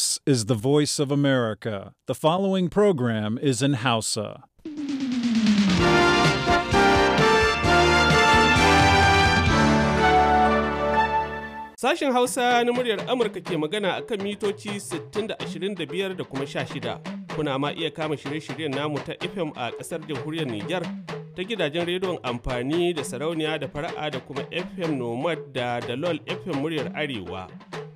This is the voice of America. The following program is in Hausa. Sashen Hausa na muryar Amurka ke magana a kan mitoci 60-25 da kuma 16. Kuna ma iya kama shirye-shiryen namu ta FM a ƙasar jamhuriyar Nijar ta gidajen rediyon amfani da sarauniya da fara'a da kuma FM Nomad da Dalol FM muryar Arewa.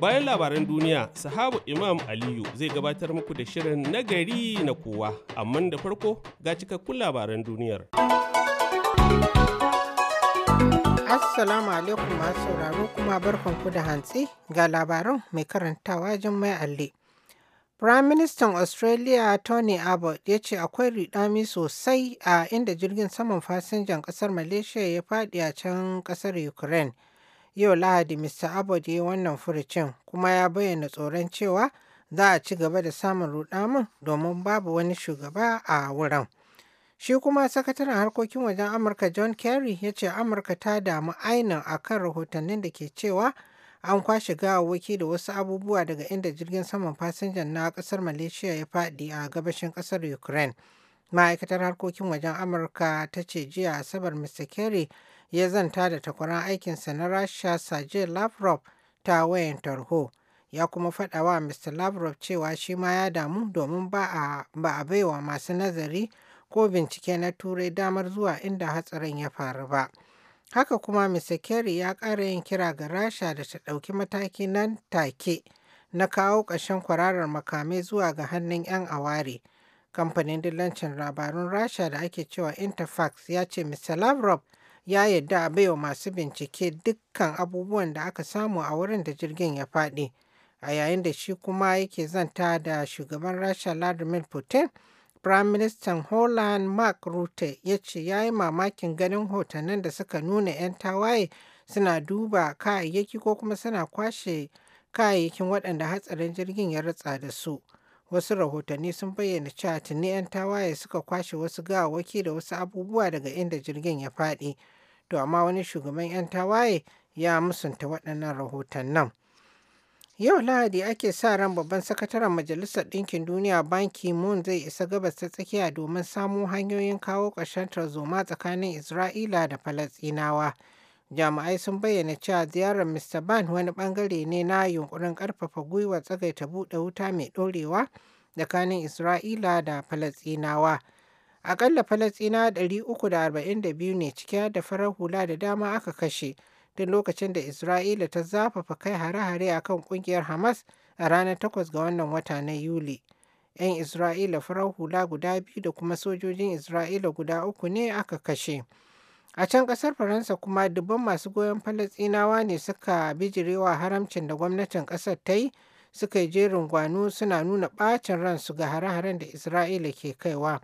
Bayan labaran duniya, sahabu Imam Aliyu zai gabatar muku da shirin nagari na kowa, amma da farko ga cikakkun labaran duniyar. Assalamu alaikum masu sauraro kuma barkanku da hantsi ga labaran mai karantawa Jummai Alli. Prime Minister Australia Tony Abbott ya ce akwai riɗami sosai a inda jirgin saman fasinjan ƙasar Malaysia ya faɗi a can ƙasar Ukraine. Yau Lahadi Mr. Abbott ya yi wannan furucin kuma ya bayyana tsoron cewa za a ci gaba da samun rudamun domin babu wani shugaba a wurin. Shi kuma sakataren harkokin wajen Amurka John Kerry ya ce Amurka ta damu ainin kan rahotannin da ke cewa an kwashe gawawwaki da wasu abubuwa daga inda jirgin saman fasinjan na kasar Malaysia ya faɗi a gabashin kasar Ukraine. Ma'aikatar harkokin wajen Amurka ta ce jiya Asabar Mr. Kerry ya zanta da takwaran aikinsa na rasha sergei lavrov ta wayan tarho ya kuma faɗa wa mr lavrov cewa shi ma ya damu domin ba a baiwa masu nazari ko bincike na turai damar zuwa inda hatsarin ya faru ba haka kuma mr kerry ya ƙara yin kira ga rasha da ta ɗauki mataki nan take na kawo ƙarshen kwararar makamai zuwa ga hannun 'yan aware kamfanin dillancin labarun rasha da ake cewa interfax ya ce mr lavrov ya yarda a baiwa masu bincike dukkan abubuwan da aka samu a wurin da jirgin ya faɗi a yayin da shi kuma yake zanta da shugaban rasha vladimir putin prime minister holland mark rutte ya ce ya yi mamakin ganin hotonnin da suka nuna 'yan tawaye suna duba kayayyaki ko kuma suna kwashe kayayyakin waɗanda hatsarin jirgin ya ratsa da su wasu rahotanni sun bayyana cewa tuni 'yan tawaye suka kwashe wasu gawawwaki da wasu abubuwa daga inda jirgin ya faɗi to amma wani shugaban 'yan tawaye ya musanta waɗannan rahoton nan Yau Lahadi ake sa ran babban sakataren Majalisar Ɗinkin Duniya Ban moon zai isa gabas ta tsakiya domin samo hanyoyin kawo ƙarshen tarzoma tsakanin Isra'ila da Falasɗinawa. Jami'ai sun bayyana cewa ziyarar Mr. Ban wani bangare ne na yunkurin ƙarfafa gwiwa tsagaita buɗe wuta mai ɗorewa tsakanin Isra'ila da Falasɗinawa. Aƙalla falastina 342 ne da arba'in da farar hula da dama aka kashe tun lokacin da Isra'ila ta zafafa kai hare-hare a kan ƙungiyar Hamas a ranar 8 ga wannan wata na Yuli. 'Yan Isra'ila farar hula guda biyu da kuma sojojin Isra'ila guda uku ne aka kashe. A can ƙasar Faransa kuma dubban masu goyon Falasɗinawa ne suka bijirewa haramcin da gwamnatin ƙasar ta yi suka yi jerin gwanu suna nuna ɓacin ransu ga hare-haren da Isra'ila ke kaiwa.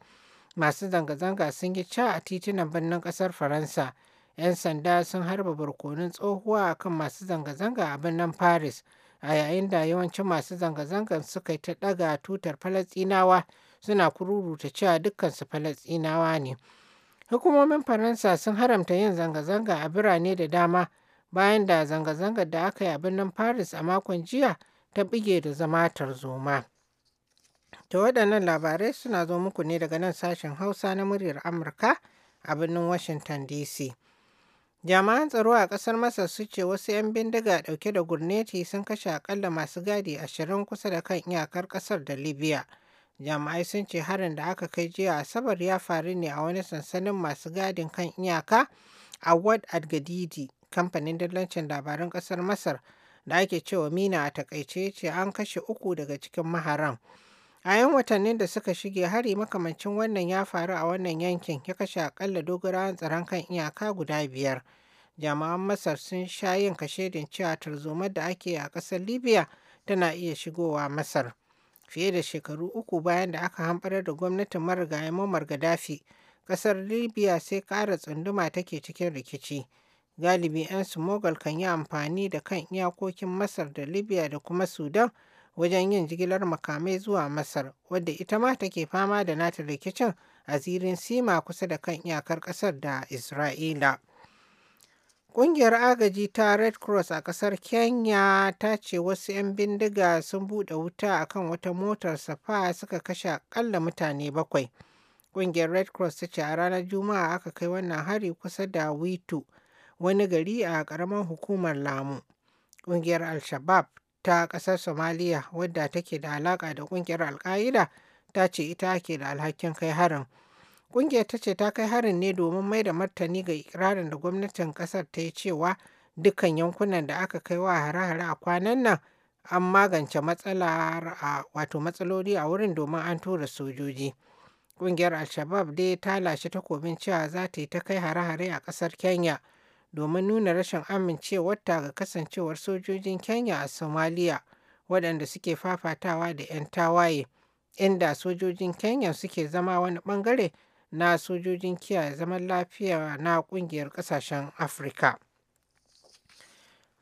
masu zanga-zanga sun yi ca a titunan birnin ƙasar faransa 'yan sanda sun harba barkonin tsohuwa a kan masu zanga-zanga a birnin paris a yayin da yawancin masu zanga-zangar suka yi ta ɗaga tutar falasɗinawa suna kururuta cewa dukkansu falasɗinawa ne hukumomin faransa sun haramta yin zanga-zanga a birane da dama bayan da zanga-zangar da aka yi a birnin paris a makon jiya ta bige da zama tarzoma. To waɗannan labarai suna zo muku ne daga nan sashen Hausa na muryar Amurka a birnin Washington DC. Jami'an tsaro a ƙasar Masar su ce wasu 'yan bindiga ɗauke da gurneti sun kashe aƙalla masu gadi ashirin kusa da kan iyakar ƙasar da Libya. Jami'ai sun ce harin da aka kai jiya Asabar ya faru ne a wani sansanin masu gadin kan iyaka a Wad Adgadidi, kamfanin dillancin labaran ƙasar Masar da ake cewa Mina a takaice ce an kashe uku daga cikin maharan. A 'yan watannin da suka shige hari makamancin wannan ya faru a wannan yankin ya kashe akalla dogarawan tsaron kan iyaka guda biyar. Jami'an Masar sun sha yin kashe din cewa tarzomar da ake a ƙasar Libya tana iya shigowa Masar. Fiye da shekaru uku bayan da aka hamɓarar da gwamnatin marigayi Muammar Gaddafi, ƙasar Libya sai ƙara tsunduma take cikin rikici. Galibi 'yan smogal kan yi amfani da kan iyakokin Masar da Libya da kuma Sudan wajen yin jigilar makamai zuwa Masar, wadda ita ma take fama da nata rikicin a zirin Sima kusa da kan iyakar ƙasar da Isra'ila. Ƙungiyar agaji ta Red Cross a ƙasar Kenya ta ce wasu 'yan bindiga sun buɗe wuta a kan wata motar safa suka kashe aƙalla mutane bakwai. Ƙungiyar Red Cross ta ce a ranar Juma'a aka kai wannan hari kusa da Witu, wani gari a ƙaramar hukumar Lamu. Ƙungiyar Al-Shabab ta ƙasar Somaliya, wadda take da alaƙa da ƙungiyar Al-Qaeda ta ce ita ke da alhakin kai harin. Ƙungiyar ta ce ta kai harin ne domin mai da martani ga ikirarin da gwamnatin ƙasar ta yi cewa dukkan yankunan da aka kai wa hare-hare a kwanan nan an magance matsalar a wato matsaloli a wurin domin an tura sojoji. Ƙungiyar Al-Shabab dai ta lashe takobin cewa za ta yi ta kai hare-hare a ƙasar Kenya. domin nuna rashin amincewarta ga kasancewar sojojin Kenya a Somalia waɗanda suke fafatawa da 'yan tawaye, inda sojojin Kenya suke zama wani ɓangare na sojojin kiyaye zaman lafiya na ƙungiyar ƙasashen Afirka.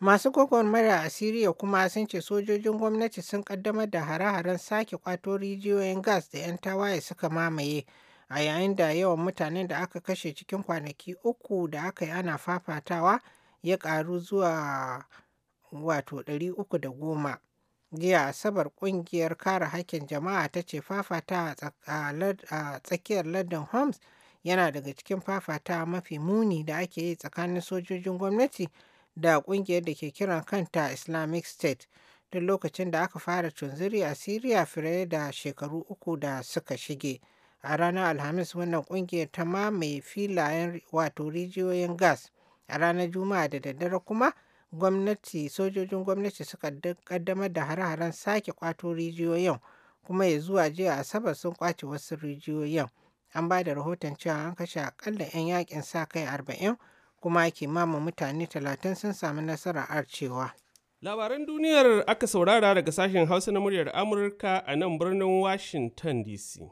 Masu gwagwarmaya a syria kuma sun ce sojojin gwamnati sun ƙaddamar da hare-haren sake ƙwato rijiyoyin gas da 'yan tawaye suka mamaye. a yayin da yawan mutanen da aka kashe cikin kwanaki uku da aka yi ana fafatawa ya karu zuwa wato 310 jiya asabar kungiyar kare haƙƙin jama'a ta ce fafata a tsakiyar lardin homs yana daga cikin fafata mafi muni da ake yi tsakanin sojojin gwamnati da kungiyar da ke kiran kanta islamic state duk lokacin da aka fara tunziri a syria fire da shekaru uku da suka shige. a ranar alhamis wannan kungiyar ta mamaye filayen wato rijiyoyin gas a ranar juma'a da daddare kuma gwamnati sojojin gwamnati suka kaddamar da har haren sake kwato rijiyoyin kuma ya zuwa jiya asabar sun kwace wasu rijiyoyin an ba da rahoton cewa an kashe akalla 'yan yakin sa kai arba'in kuma kimanin mutane talatin sun samu nasara arcewa. labaran duniyar aka saurara daga sashen hausa na muryar amurka a nan birnin washington dc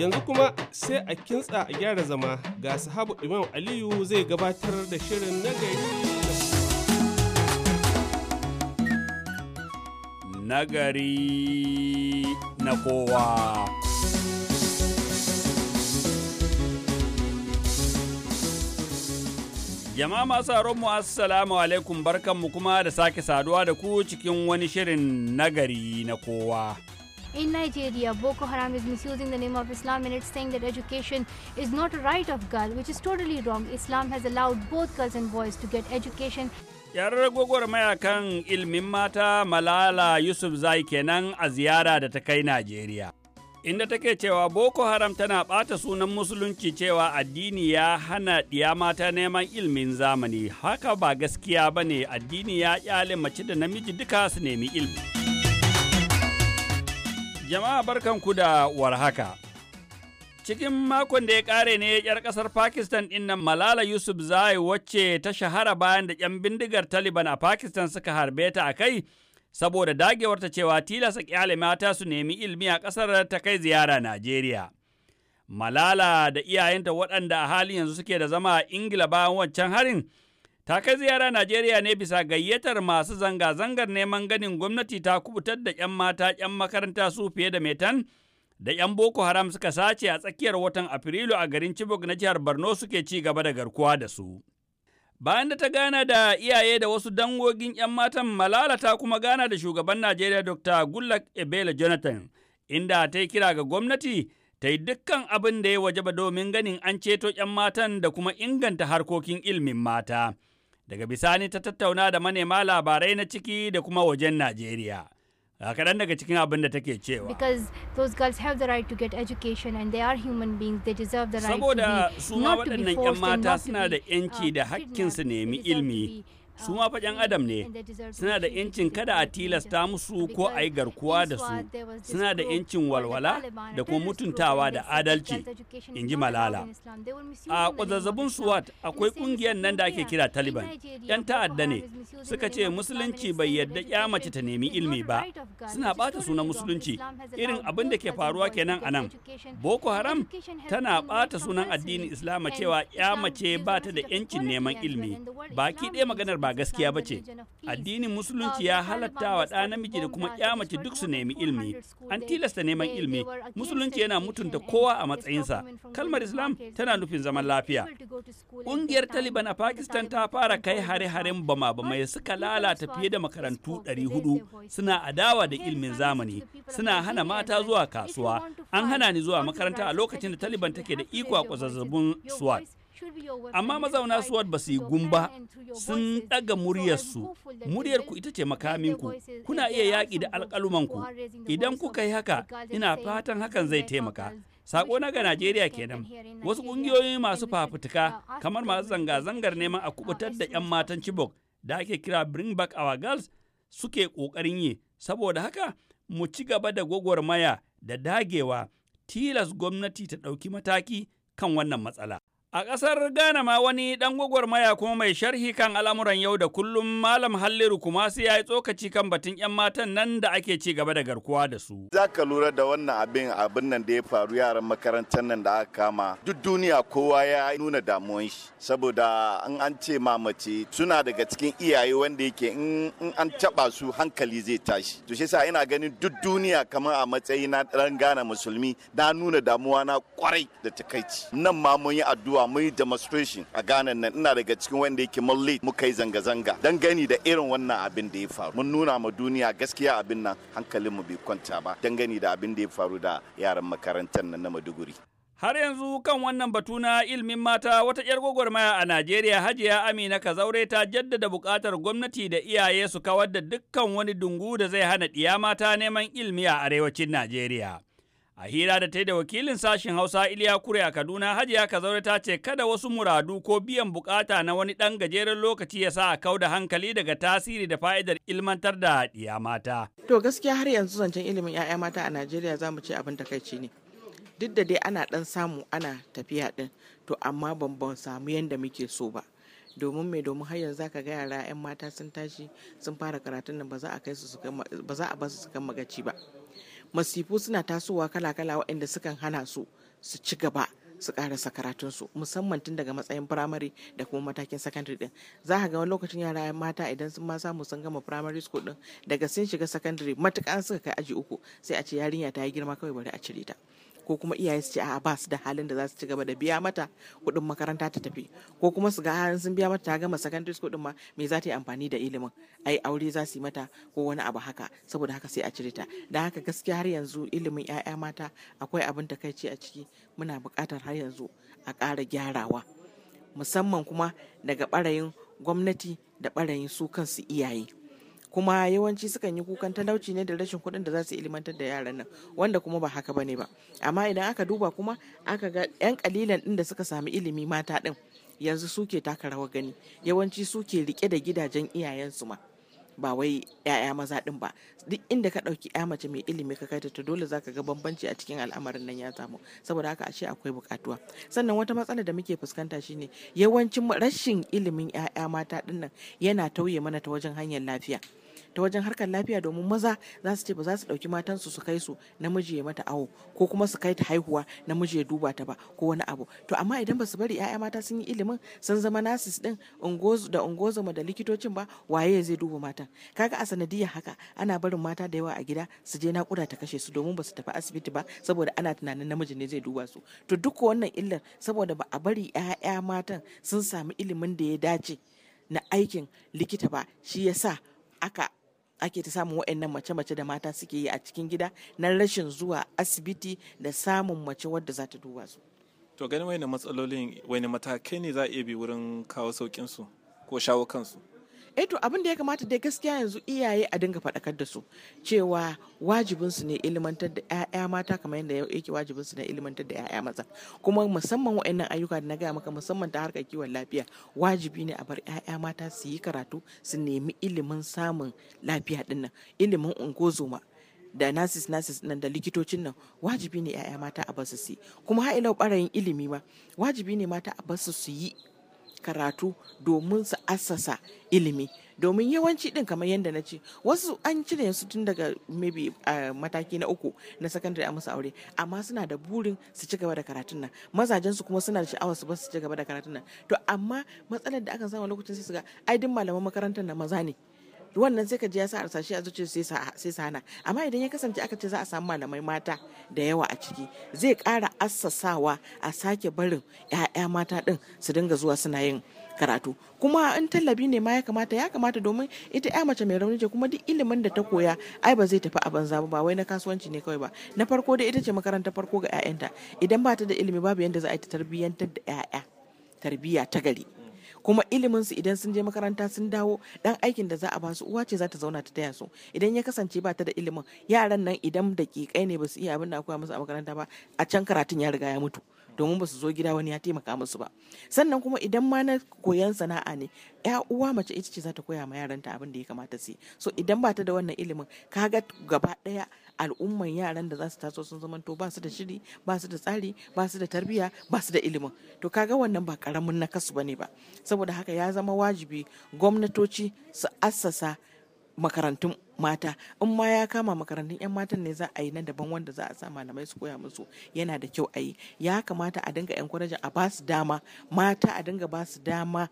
Yanzu kuma sai a kintsa a gyara zama ga sahabu Imam Aliyu zai gabatar da shirin nagari. gari na kowa. Jama'a masu mu assalamu alaikum barkanmu kuma da sake saduwa da ku cikin wani shirin nagari na kowa. In Nigeria, Boko Haram is misusing the name of Islam and it's saying that education is not a right of girl, which is totally wrong. Islam has allowed both girls and boys to get education. Yarar gwagwarmaya kan ilmin mata Malala Yusuf Zai kenan a ziyara da ta kai Najeriya. Inda take cewa Boko Haram tana ɓata sunan Musulunci cewa addini ya hana ɗiya mata neman ilmin zamani, haka ba gaskiya ba ne addini ya ƙyale mace da namiji duka su nemi ilmi. Jama'a barkanku da warhaka. Cikin makon da ya ƙare ne ‘yar ƙasar Pakistan ɗin Malala Yusuf Zai wacce ta shahara bayan da ‘yan bindigar Taliban a Pakistan suka harbe ta a kai saboda dagewar ta cewa tilasa ƙyale mata su nemi ilmi a ƙasar ta kai ziyara Najeriya. Malala da iyayenta waɗanda a halin yanzu suke da zama a Ingila bayan wancan harin ta ziyara Najeriya ne bisa gayyatar masu zanga-zangar neman ganin gwamnati ta kubutar da 'yan mata 'yan makaranta su fiye da metan da 'yan Boko Haram suka sace a tsakiyar watan Afrilu a garin Chibok na jihar Borno suke ci gaba da garkuwa da su. Bayan da ta gana da iyaye da wasu dangogin 'yan matan Malala ta kuma gana da shugaban Najeriya Dr. Goodluck Ebele Jonathan, inda ta yi kira ga gwamnati ta yi dukkan abin da ya wajaba domin ganin an ceto 'yan matan da kuma inganta harkokin ilimin mata. daga bisani ta tattauna da manema labarai na ciki da kuma wajen Najeriya. Ga kaɗan daga cikin abin da take cewa. Because those girls have the right to get education and they are human beings, they deserve the right Saboda su ma waɗannan 'yan mata suna da 'yanci uh, da hakkin su nemi ilmi. su ma fa adam ne suna da yancin kada a tilasta musu ko a yi garkuwa da su suna da yancin walwala da kuma mutuntawa da adalci in ji malala a kwazazzabin suwat akwai kungiyar nan da ake kira taliban yan ta'adda ne suka ce musulunci bai yadda ya mace ta nemi ilimi ba suna bata sunan musulunci irin abin da ke faruwa kenan a nan boko haram tana bata sunan addinin islama cewa ya mace ba ta da yancin neman ilimi baki ɗaya maganar ba gaskiya ba ce addinin musulunci ya halatta wa ɗa namiji da kuma ya mace duk su nemi ilmi an tilasta neman ilmi musulunci yana mutunta kowa a matsayinsa kalmar islam tana nufin zaman lafiya ƙungiyar taliban a pakistan ta fara kai hare-haren bama-bamai suka lalata fiye da makarantu 400 suna adawa da ilmin zamani suna hana mata zuwa kasuwa an hana ni zuwa makaranta a lokacin da taliban take da iko a kwazazzabun swat Amma mazauna Suwad ba su yi gumba sun ɗaga muryarsu, muryarku ita ce makaminku, kuna iya yaƙi da alƙalumanku, idan kuka yi haka ina fatan hakan zai taimaka. sako na ga Najeriya kenan wasu ƙungiyoyi masu fafutuka kamar masu zanga-zangar neman a kubutar da 'yan matan Chibok da ake kira Bring Back Our Girls suke ƙoƙarin yi saboda haka mu ci gaba da gwagwarmaya da dagewa tilas gwamnati ta ɗauki mataki kan wannan matsala. A ƙasar Ghana ma wani ɗan maya kuma mai sharhi kan al'amuran yau da kullum Malam Halliru Kumasi ya yi tsokaci kan batun 'yan matan nan da ake ci gaba da garkuwa da su. Za ka lura da wannan abin abin nan da ya faru yaran makarantar nan da aka kama. Duk duniya kowa ya nuna damuwan shi. Saboda in an ce ma suna daga cikin iyaye wanda yake in an taɓa su hankali zai tashi. To shi ina ganin duk duniya kamar a matsayi na ɗan Ghana musulmi na nuna damuwa na kwarai da takaici. Nan ma mun yi addu'a mu yi demonstration a Ghana nan ina daga cikin wanda yake mun muka yi zanga-zanga dan gani da irin wannan abin da ya faru mun nuna ma duniya gaskiya abin nan hankalin mu bai kwanta ba dan gani da abin da ya faru da yaran makarantar nan na Maduguri Har yanzu kan wannan batu na ilimin mata wata 'yar gwagwarmaya a Najeriya Hajiya Amina Kazaure ta jaddada buƙatar gwamnati da iyaye su kawar da dukkan wani dungu da zai hana ɗiya mata neman ilimi a arewacin Najeriya. A hira da ta da wakilin sashen Hausa Iliya Kure a Kaduna, Hajiya Kazaure ta ce kada wasu muradu ko biyan bukata na wani ɗan gajeren lokaci ya sa a kau da hankali daga tasiri da fa'idar ilmantar da ɗiya mata. To gaskiya har yanzu zancen ilimin 'ya'ya mata a Najeriya za mu ce abin takaici ne. Duk da dai ana ɗan samu ana tafiya ɗin, to amma ban samu yadda muke so ba. domin mai domin har yanzu zaka ga yara 'yan mata sun tashi sun fara karatun nan ba za a kai su ba za su kan magaci ba masifu suna tasowa kala-kala waɗanda sukan hana su su ci gaba su karasa karatunsu musamman tun daga matsayin firamare da kuma matakin sakandare din za ka ga wani lokacin yara mata idan sun ma samu sun gama firamare school din daga sun shiga sakandare matukan suka kai aji uku sai a ce yarinya ta yi girma kawai bari a cire ta ko kuma iyaye su ce a ba su da halin da za su ci gaba da biya mata kuɗin makaranta ta tafi ko kuma su ga an sun biya mata ta gama secondary school din ma me za ta yi amfani da ilimin ai aure za su yi mata ko wani abu haka saboda haka sai a cire ta da haka gaskiya har yanzu ilimin 'ya'ya mata akwai abin takaici a ciki muna buƙatar har yanzu a ƙara gyarawa musamman kuma daga ɓarayin gwamnati da ɓarayin su kansu iyaye kuma yawanci sukan yi kukan talauci ne da rashin kuɗin da za su ilimantar da yaran nan wanda kuma ba haka bane ba amma idan aka duba kuma aka ga yan kalilan din da suka sami ilimi mata din yanzu suke taka rawar gani yawanci suke rike da gidajen iyayensu ma ba wai 'ya'ya maza din ba duk inda ka ɗauki 'ya mace mai ilimi ka kai ta dole zaka ga bambanci a cikin al'amarin nan ya samu saboda haka ashe akwai bukatuwa sannan wata matsala da muke fuskanta shine yawancin rashin ilimin 'ya'ya mata din yana tauye mana ta wajen hanyar lafiya ta wajen harkar lafiya domin maza za su ce ba za su ɗauki matansu su kai su namiji ya mata awo ko kuma su kai ta haihuwa namiji ya duba ta ba ko wani abu to amma idan ba su bari 'ya'ya mata sun yi ilimin sun zama nasis din da ungozoma da likitocin ba waye zai duba matan kaga a sanadiyar haka ana barin mata da yawa a gida su je nakuda ta kashe su domin ba su tafi asibiti ba saboda ana tunanin namiji ne zai duba su to duk wannan illar saboda ba a bari 'ya'ya matan sun sami ilimin da ya dace na aikin likita ba shi yasa aka ake ta samun waɗannan mace-mace da mata suke yi a cikin gida na rashin zuwa asibiti da samun mace wadda za ta duba su. To ganin wani matsalolin wani matakai ne za a iya bi wurin kawo sauƙinsu ko shawo kansu? eto eh abin da ya kamata dai gaskiya yanzu iyaye a dinga faɗakar da su cewa wajibin su ne ilimantar da ƴaƴa mata kamar yadda yake wajibin su ne ilimantar da yaya maza kuma musamman wa'annan ayyuka da na gaya maka musamman ta harkar kiwon lafiya wajibi ne a bar ƴaƴa mata su yi karatu su nemi ilimin samun lafiya dinnan ilimin ungozoma da nasis nasis nan da likitocin nan wajibi ne 'ya'ya mata a basu su yi kuma ha'ilau barayin ilimi ma wajibi ne mata a basu su yi karatu domin su assasa ilimi domin yawanci din kamar yadda na ce wasu an cire su tun daga maybe uh, mataki na uku na secondary a musu aure amma suna da burin su ci gaba da karatun nan mazajen su kuma suna da sha'awar su ba su ci gaba da karatun nan to amma matsalar da aka samu lokacin su ga aidin malaman makarantar na maza ne wannan sai ka ji ya sa harsashe a zuciya sai sa hana amma idan ya kasance aka ce za a samu malamai mata da yawa a ciki zai ƙara assasawa a sake barin 'ya'ya mata ɗin su dinga zuwa suna yin karatu kuma in tallabi ne ma ya kamata ya kamata domin ita ya mace mai rauni ce kuma duk ilimin da ta koya ai ba zai tafi a banza ba wai na kasuwanci ne kawai ba na farko da ita ce makarantar farko ga 'ya'yanta idan ba ta da ilimi babu yadda za a yi ta tarbiyyantar da 'ya'ya tarbiyya ta gari kuma ilimin su idan sun je makaranta sun dawo dan aikin da za a basu uwa ce za ta zauna ta taya su idan ya kasance ba ta da ilimin yaran nan idan daƙiƙai ne ba su iya abin da akwai musu a makaranta ba a can karatun ya riga ya mutu domin ba su zo gida wani ya taimaka musu ba sannan kuma idan ma na koyan sana'a ne ya uwa mace ita ce za ta koya ma yaranta abin da ya kamata su yi so idan ba ta da wannan ilimin kaga gaba daya al'umman yaran da za su taso sun zamanto ba su da shiri ba su da tsari ba su da tarbiyya ba su da ilimin to kaga wannan ba karamin nakasu bane ba saboda haka ya zama wajibi gwamnatoci su assasa makarantun mata in ma ya kama makarantun 'yan matan ne za a yi nan daban wanda za a sa malamai su koya musu yana da kyau a yi ya kamata a dinga yan kwarajin a ba su dama mata a dinga ba su dama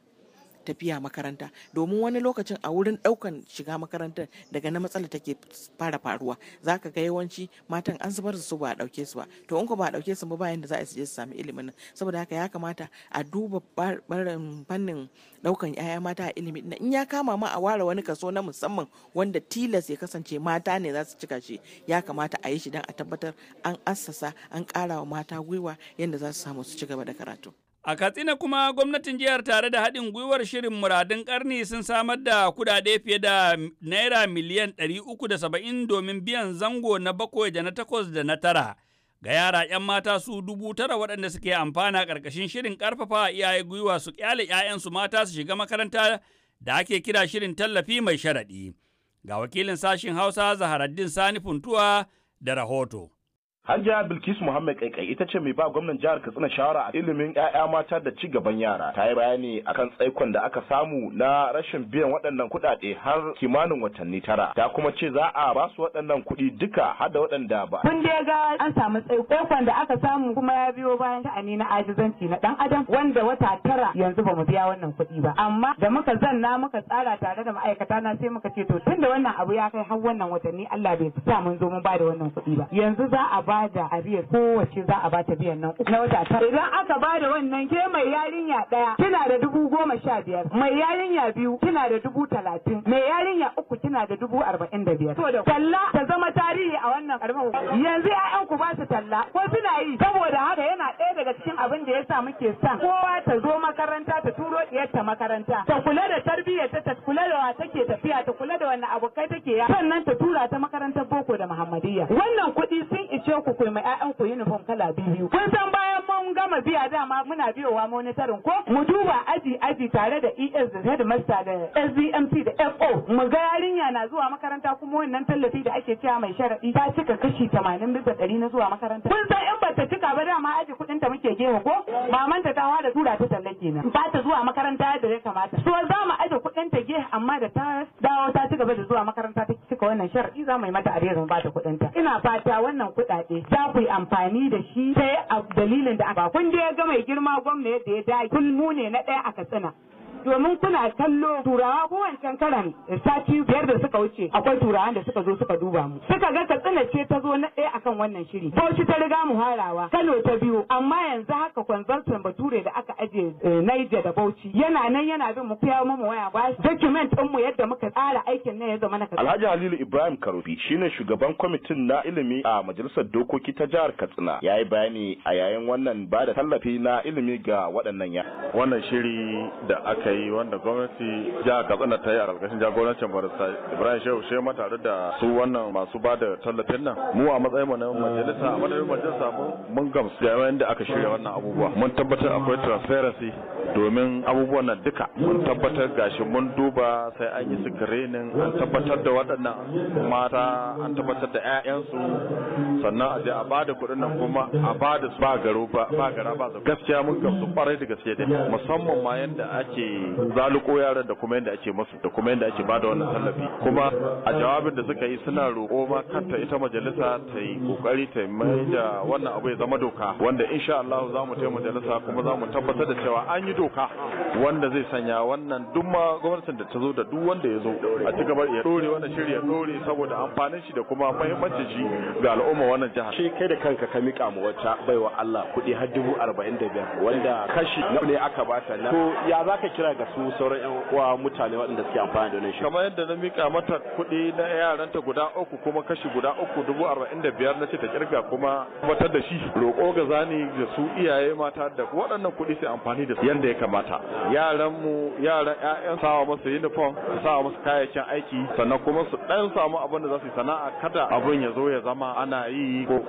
tafiya makaranta domin wani lokacin a wurin ɗaukan shiga makarantar daga na matsala take fara faruwa za ka ga yawanci matan an zubar su ba a dauke su ba to in ko ba a dauke su ba bayan da za a je su sami ilimin nan saboda haka ya kamata a duba fannin ɗaukan 'ya'ya mata a ilimi na in ya kama ma a ware wani kaso na musamman wanda tilas ya kasance mata ne za su cika shi ya kamata a yi shi dan a tabbatar an assasa an karawa wa mata gwiwa yadda za su samu su ci gaba da karatu. A Katsina kuma gwamnatin jihar tare da haɗin gwiwar shirin muradin ƙarni sun samar da kudade fiye da naira miliyan 370 domin biyan zango na bakwai da na takwas da na tara. Ga yara 'yan mata su dubu tara waɗanda suke amfana ƙarƙashin shirin ƙarfafa iyaye gwiwa su ƙyale 'ya'yansu mata su shiga makaranta da ake kira shirin tallafi mai sharaɗi. Ga wakilin sashin Hausa Zaharaddin Sani Funtuwa da rahoto. Hajiya Bilkisu Muhammad Kaikai ita ce mai ba gwamnan jihar Katsina shawara a ilimin 'ya'ya mata da ci gaban yara. Ta yi bayani akan tsaikon da aka samu na rashin biyan waɗannan kuɗaɗe har kimanin watanni tara. Ta kuma ce za a ba su waɗannan kuɗi duka har da waɗanda ba. Kun dai ga an samu tsaikon da aka samu kuma ya biyo bayan ta'ani na ajizanci na ɗan adam wanda wata tara yanzu ba mu biya wannan kuɗi ba. Amma da muka zanna muka tsara tare da ma'aikata na sai muka ce to tunda wannan abu ya kai har wannan watanni Allah bai sa mun zo mun ba da wannan kuɗi ba. Yanzu za a ba ba da kowace za a bata biyan nan na wata ta idan aka ba da wannan ke mai yarinya ɗaya kina da dubu goma sha biyar mai yarinya biyu kina da dubu talatin mai yarinya uku kina da dubu arba'in da biyar to da talla ta zama tarihi a wannan karamar yanzu ƴaƴan ku ba su talla ko suna yi saboda haka yana ɗaya daga cikin abin da ya sa muke son kowa ta zo makaranta ta turo ɗiyarta makaranta ta kula da tarbiyyar ta kula da wa take tafiya ta kula da wani abokai take ya sannan ta tura ta makarantar boko da muhammadiyya wannan kuɗi sun ce ku koyi mai ƴaƴan ku uniform kala biyu kun san bayan mun gama biya dama muna biyowa monitoring ko mu duba aji aji tare da ES da headmaster da SDMC da FO mu ga yarinya na zuwa makaranta kuma wannan tallafi da ake cewa mai sharadi ta cika kashi 80 bisa 100 na zuwa makaranta kun san in bata cika ba dama aji kudin ta muke gefe ko mamanta ta da tura ta talle kenan ba ta zuwa makaranta da ya kamata so za mu aje kudin ta gefe amma da ta dawo ta ci gaba da zuwa makaranta ta cika wannan shar'i za mu yi mata arezin ba bata kuɗin ta ina fata wannan kuɗaɗe za ku yi amfani da shi sai a dalilin da ba kun je ga mai girma gwamna yadda ya dace. kun mu ne na ɗaya a katsina domin kuna kallo turawa ko wancan karan sati biyar da suka wuce akwai turawan da suka zo suka duba mu suka ga katsina ce ta zo na ɗaya akan wannan shiri shi ta riga mu harawa kano ta biyu amma yanzu haka consultant bature da aka aje eh, Niger da bauchi yana nan yana bin mu kuyawo mu waya ba document din mu yadda muka tsara aikin nan ya zama na Alhaji Halilu Ibrahim Karofi shine shugaban kwamitin na ilimi a majalisar dokoki ta jihar Katsina yayi yi bayani a yayin wannan bada tallafi na ilimi ga waɗannan ya wannan shiri da aka yi wanda gwamnati ja na ta yi a ƙarƙashin jagorancin barista ibrahim shehu ma tare da su wannan masu ba da tallafin nan mu a matsayin mu na majalisa a madadin majalisa mun gamsu da yayin da aka shirya wannan abubuwa mun tabbatar akwai transparency domin abubuwan nan duka mun tabbatar gashi mun duba sai an yi sikirinin an tabbatar da waɗannan mata an tabbatar da 'ya'yansu sannan a je a ba da kuɗin nan kuma a ba da ba garo ba gara ba gaskiya mun gamsu kwarai da gaske da musamman ma yanda ake zaluko yaran da kuma yadda ake masu da kuma yadda ake bada wannan tallafi kuma a jawabin da suka yi suna roƙo ma kanta ita majalisa ta yi ƙoƙari, ta mai da wannan abu ya zama doka wanda insha Allah za mu taimaka majalisa kuma za mu tabbatar da cewa an yi doka wanda zai sanya wannan duk ma gwamnatin da ta zo da duk wanda ya zo a ci gaba ya dore wannan shiri ya dore saboda amfanin shi da kuma muhimmancin shi ga al'umma wannan jihar shi kai da kanka ka mika mu wata baiwa Allah kuɗi har dubu arba'in da biyar wanda kashi ne aka bata na ko ya zaka kira ga su sauran yan uwa mutane waɗanda suke amfani da wannan shi kamar yadda na mika mata kuɗi na yaranta guda uku kuma kashi guda uku dubu arba'in da biyar na ce ta kirga kuma tabbatar da shi roƙo ga zani da su iyaye mata da waɗannan kuɗi su amfani da su yadda ya kamata yaran mu yaran ƴaƴan sawa masu uniform su sawa masu kayayyakin aiki sannan kuma su ɗan samu abin da za su sana'a kada abin ya zo ya zama ana yi ko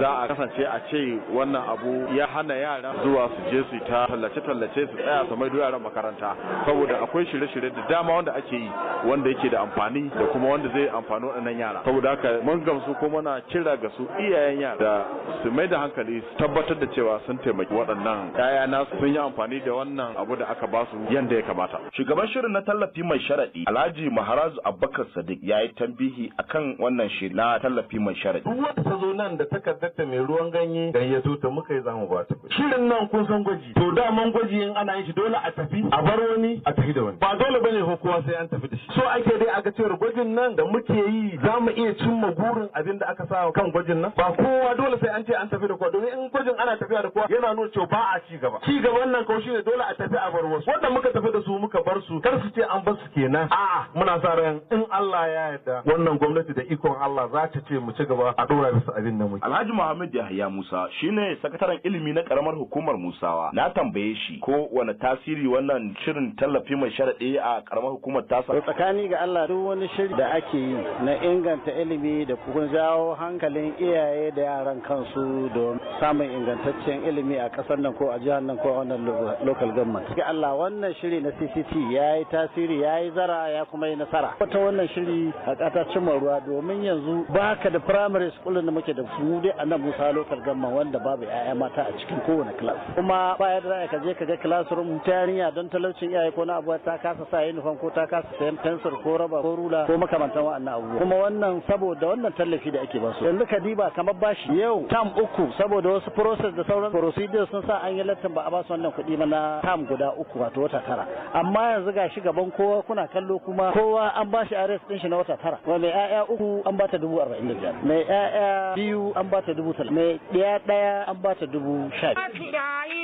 za a kasance a ce wannan abu ya hana yara zuwa su je su ta tallace-tallace su tsaya su mai yaran makaranta makaranta saboda akwai shirye-shirye da dama wanda ake yi wanda yake da amfani da kuma wanda zai amfani waɗannan yara saboda haka mun gamsu ko muna kira ga su iyayen yara da su mai da hankali su tabbatar da cewa sun taimaki waɗannan yaya na sun yi amfani da wannan abu da aka basu su yanda ya kamata shugaban shirin na tallafi mai sharaɗi alhaji maharazu abubakar sadiq ya yi tambihi akan wannan shi na tallafi mai sharaɗi wanda zo nan da takardarta mai ruwan ganye Dan ya zo ta muka yi zamu ba ta shirin nan kun san gwaji to da man gwaji in ana yin shi dole a tafi a bar wani a tafi da wani ba dole bane ko kowa sai an tafi da shi so ake dai a ga cewa gwajin nan da muke yi za mu iya cimma burin abin da aka sa kan gwajin nan ba kowa dole sai an ce an tafi da kowa domin in gwajin ana tafiya da kowa yana nuna cewa ba a ci gaba ci gaban nan kawai shine dole a tafi a bar wasu wanda muka tafi da su muka bar su kar su ce an bar su kenan a'a muna sa ran in Allah ya yarda wannan gwamnati da ikon Allah za ta ce mu ci gaba a dora bisa abin nan muke Alhaji Muhammad Yahya Musa shine sakataren ilimi na karamar hukumar Musawa na tambaye shi ko wani tasiri wannan shirin tallafi mai sharaɗi a karamar hukumar tasa. Tsakani ga Allah duk wani shiri da ake yi na inganta ilimi da kuma jawo hankalin iyaye da yaran kansu don samun ingantaccen ilimi a ƙasar nan ko a jihar nan ko a wannan local government. Ga Allah wannan shiri na CCT ya yi tasiri ya yi zara ya kuma yi nasara. Wata wannan shiri a ƙasa cimma ruwa domin yanzu baka da primary school da muke da su dai a nan Musa local government wanda babu 'ya'ya mata a cikin kowane class. Kuma bayan da ka je ka ga classroom ta yarinya don talaucin iyaye ko na abuwa ta kasa sa uniform ko ta kasa sayan fensir ko raba ko rula ko makamantan wa'annan abubuwa kuma wannan saboda wannan tallafi da ake basu yanzu ka diba kamar bashi yau tam uku saboda wasu process da sauran procedures sun sa an yi lattin ba a basu wannan kuɗi ba na tam guda uku wato wata tara amma yanzu ga shi gaban kowa kuna kallo kuma kowa an bashi arrest din shi na wata tara wa mai ƴaƴa uku an bata dubu arba'in da biyar mai ƴaƴa biyu an bata dubu talatin mai ɗaya ɗaya an bata dubu sha biyu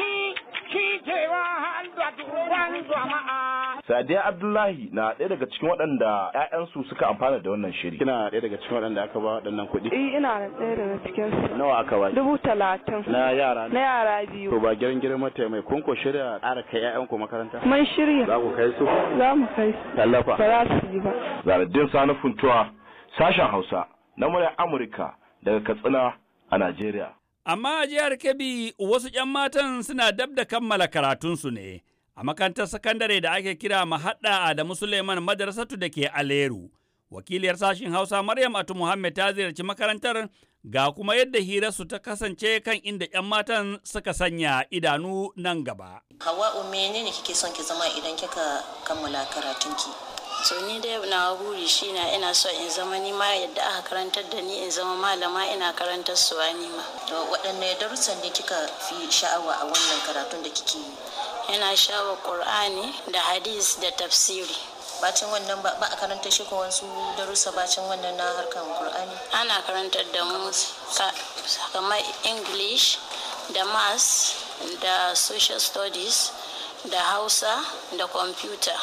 Sadiya Abdullahi na ɗaya daga cikin waɗanda ‘ya'yansu suka amfana da wannan shiri. Kina ɗaya daga cikin waɗanda aka ba waɗannan kuɗi? Eh ina ɗaya daga cikin su. Nawa aka ba? Dubu talatin. Na yara? Na yara biyu. To ba girin girin mata mai kun ko shirya ƙara kai ‘ya'yanku makaranta? Mun shirya. Za ku kai su? Za mu kai su. Tallafa? Ba za su yi ba. Zaradin Sani Funtuwa, sashen Hausa, na muryar Amurka daga Katsina a Najeriya. Amma a jihar Kebbi wasu ‘yan matan suna dab da kammala karatunsu ne. a makarantar sakandare da ake kira mahaɗa Adamu Suleiman madrasatu da ke aleru wakiliyar sashen hausa maryam atu muhammed ta ziyarci makarantar ga kuma yadda hirarsu ta kasance kan inda 'yan matan suka sanya idanu nan gaba hawa'u menene kike son ki zama idan kika kammala karatunki so ni dai na buri shi na ina so in zama ni ma yadda aka karantar da ni in zama malama ina karantar suwa ni ma to waɗanne darussan da kika fi sha'awa a wannan karatun da kike yi yana sha'awar qur'ani da hadis da tafsiri bacin wannan ba a karanta shi ko wasu darussa bacin wannan na harkar qur'ani ana karantar da mu kamar english da maths da social studies da hausa da computer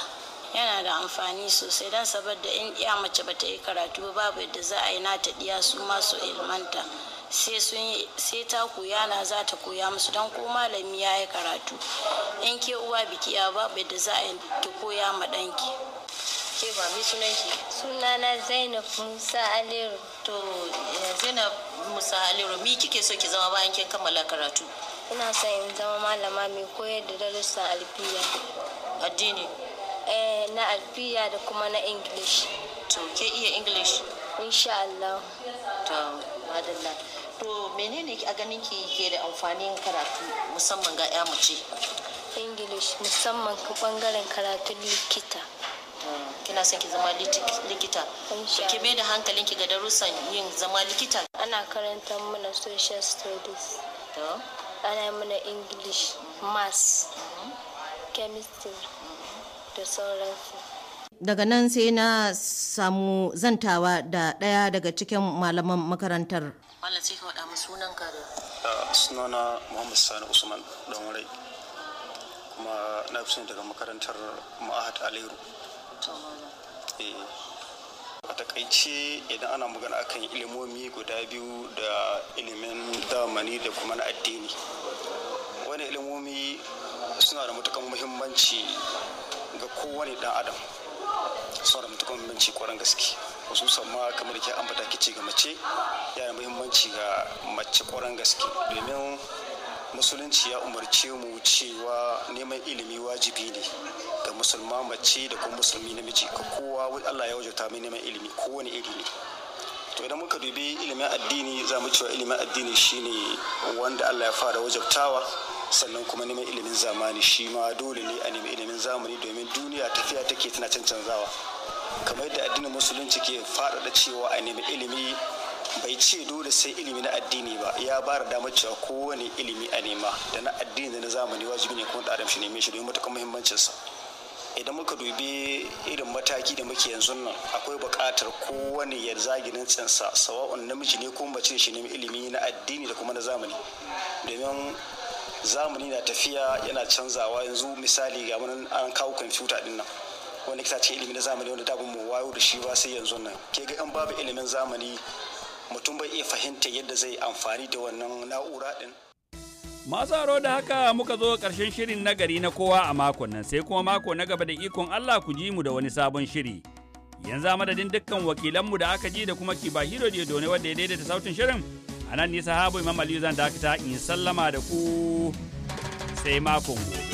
yana da amfani sosai don saboda in iya mace bata yi karatu babu yadda za a yi ta diya su masu ilmanta sai ta koya na za ta koya musu don ko malami ya yi karatu in ke uwa biki ya babu yadda za a yi ta koya ma ɗanki ke ba mi Suna sunana zainab musa aliru to eh, zainab musa aliru mi kike so ki zama bayan kin kammala karatu ina son in zama malama mai koyar da darussan alfiya addini Eh, na alfiya da kuma na english to ke iya english insha Allah to madalla to menene a ganin ki ke da amfanin karatu musamman ga ya mace english musamman ka bangaren karatu likita kina son ki zama likita ki mai da hankalin ki ga darussan yin zama likita ana karanta mana social studies ana mana english maths mm-hmm. chemistry mm-hmm. da sauransu daga nan sai na samu zantawa da ɗaya daga cikin malaman makarantar malam sai ka mu sunan ka da ah, sunana muhammad sani usman dan wurai kuma na fi daga makarantar ma'ahat aliru eh, a takaice idan ana magana akan ilimomi guda biyu da ilimin zamani da kuma na addini wani ilimomi suna da matukan muhimmanci ga kowane dan adam sau da mutukar muhimmanci kwarin gaske wasu ma kamar da ke ambata kice ga mace yana muhimmanci ga mace kwarin gaske domin musulunci ya umarce mu cewa neman ilimi wajibi ne ga musulma mace da kuma musulmi namiji ga kowa Allah ya wajauta mai neman ilimi kowane iri ne to idan muka dubi ilimin addini za mu cewa ilimin addini shine wanda Allah ya fara wajabtawa sannan kuma neman ilimin zamani shi ma dole ne a nemi ilimin zamani domin duniya tafiya take tana canzawa kamar yadda addinin musulunci ke faɗaɗa cewa a nemi ilimi bai ce dole sai ilimi na addini ba ya bara damar cewa kowane ilimi a nema da na addini da na zamani wajibi ne kuma ɗaɗam shi neme shi domin matuƙar muhimmancinsa idan muka dubi irin mataki da muke yanzu nan akwai buƙatar kowane ya zaginin tsinsa sawa'un namiji ne ko mace shi nemi ilimi na addini da kuma na zamani domin zamani na tafiya yana canzawa yanzu misali ga mun an kawo kwamfuta din nan Wani kita ce ilimi na zamani wanda dabin mu wayo da shi ba sai yanzu nan ke ga in babu ilimin zamani mutum bai iya fahimta yadda zai amfani da wannan na'ura din Masu aro da haka muka zo ƙarshen shirin nagari na kowa a makon nan sai kuma mako na gaba da ikon Allah ku ji mu da wani sabon shiri. Yanzu madadin dukkan wakilanmu da aka ji da kuma Kiba Hiro Diodone wadda ya daidaita sautin shirin a nan nisa habu imam aliyu zan dakata in sallama da ku sai makon gobe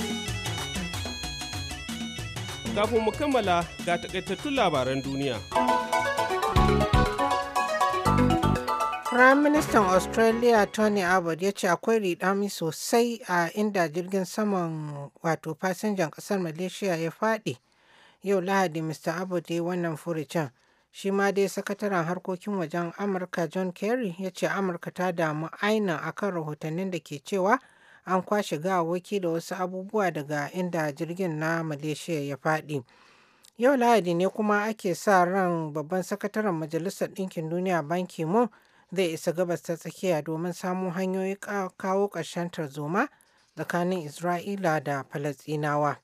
kafin mu kammala ga takaitattun labaran duniya Firaministan Australia Tony Abbott ya ce akwai riɗami sosai a inda jirgin saman wato fasinjan kasar Malaysia ya faɗi. Yau Lahadi Mr. Abbott ya yi wannan furucin. shi ma dai sakataren harkokin wajen amurka john kerry ya ce amurka ta damu a akan rahotannin da ke cewa an kwashe gawawwaki da wasu abubuwa daga inda jirgin na malaysia ya fadi. yau lahadi ne kuma ake sa ran babban sakataren majalisar ɗinkin duniya banki mu zai isa gabas ta tsakiya domin samun hanyoyi kawo ƙarshen tarzoma tsakanin isra'ila da falasɗinawa.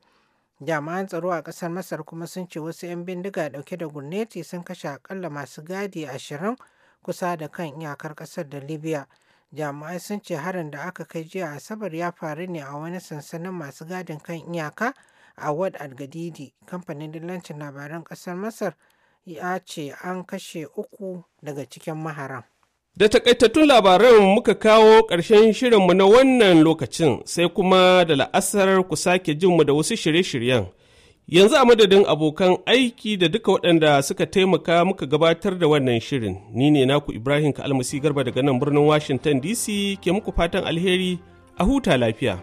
jami'an tsaro a ƙasar masar kuma sun ce wasu 'yan bindiga ɗauke da gurneti sun kashe akalla masu gadi ashirin kusa da kan iyakar ƙasar da libya jami'ai sun ce harin da aka kai jiya asabar ya faru ne a wani sansanin masu gadin kan iyaka a wad algadidi kamfanin dillancin labaran ƙasar masar ya ce an kashe uku daga cikin maharan. Da takaitattun labaran muka kawo ƙarshen shirinmu na wannan lokacin sai kuma da la'asar ku sake jinmu da wasu shirye-shiryen. Yanzu a madadin abokan aiki da duka waɗanda suka taimaka muka gabatar da wannan shirin, ni ne naku Ibrahim Kalmasi Garba daga nan birnin Washington DC ke muku fatan alheri a huta lafiya.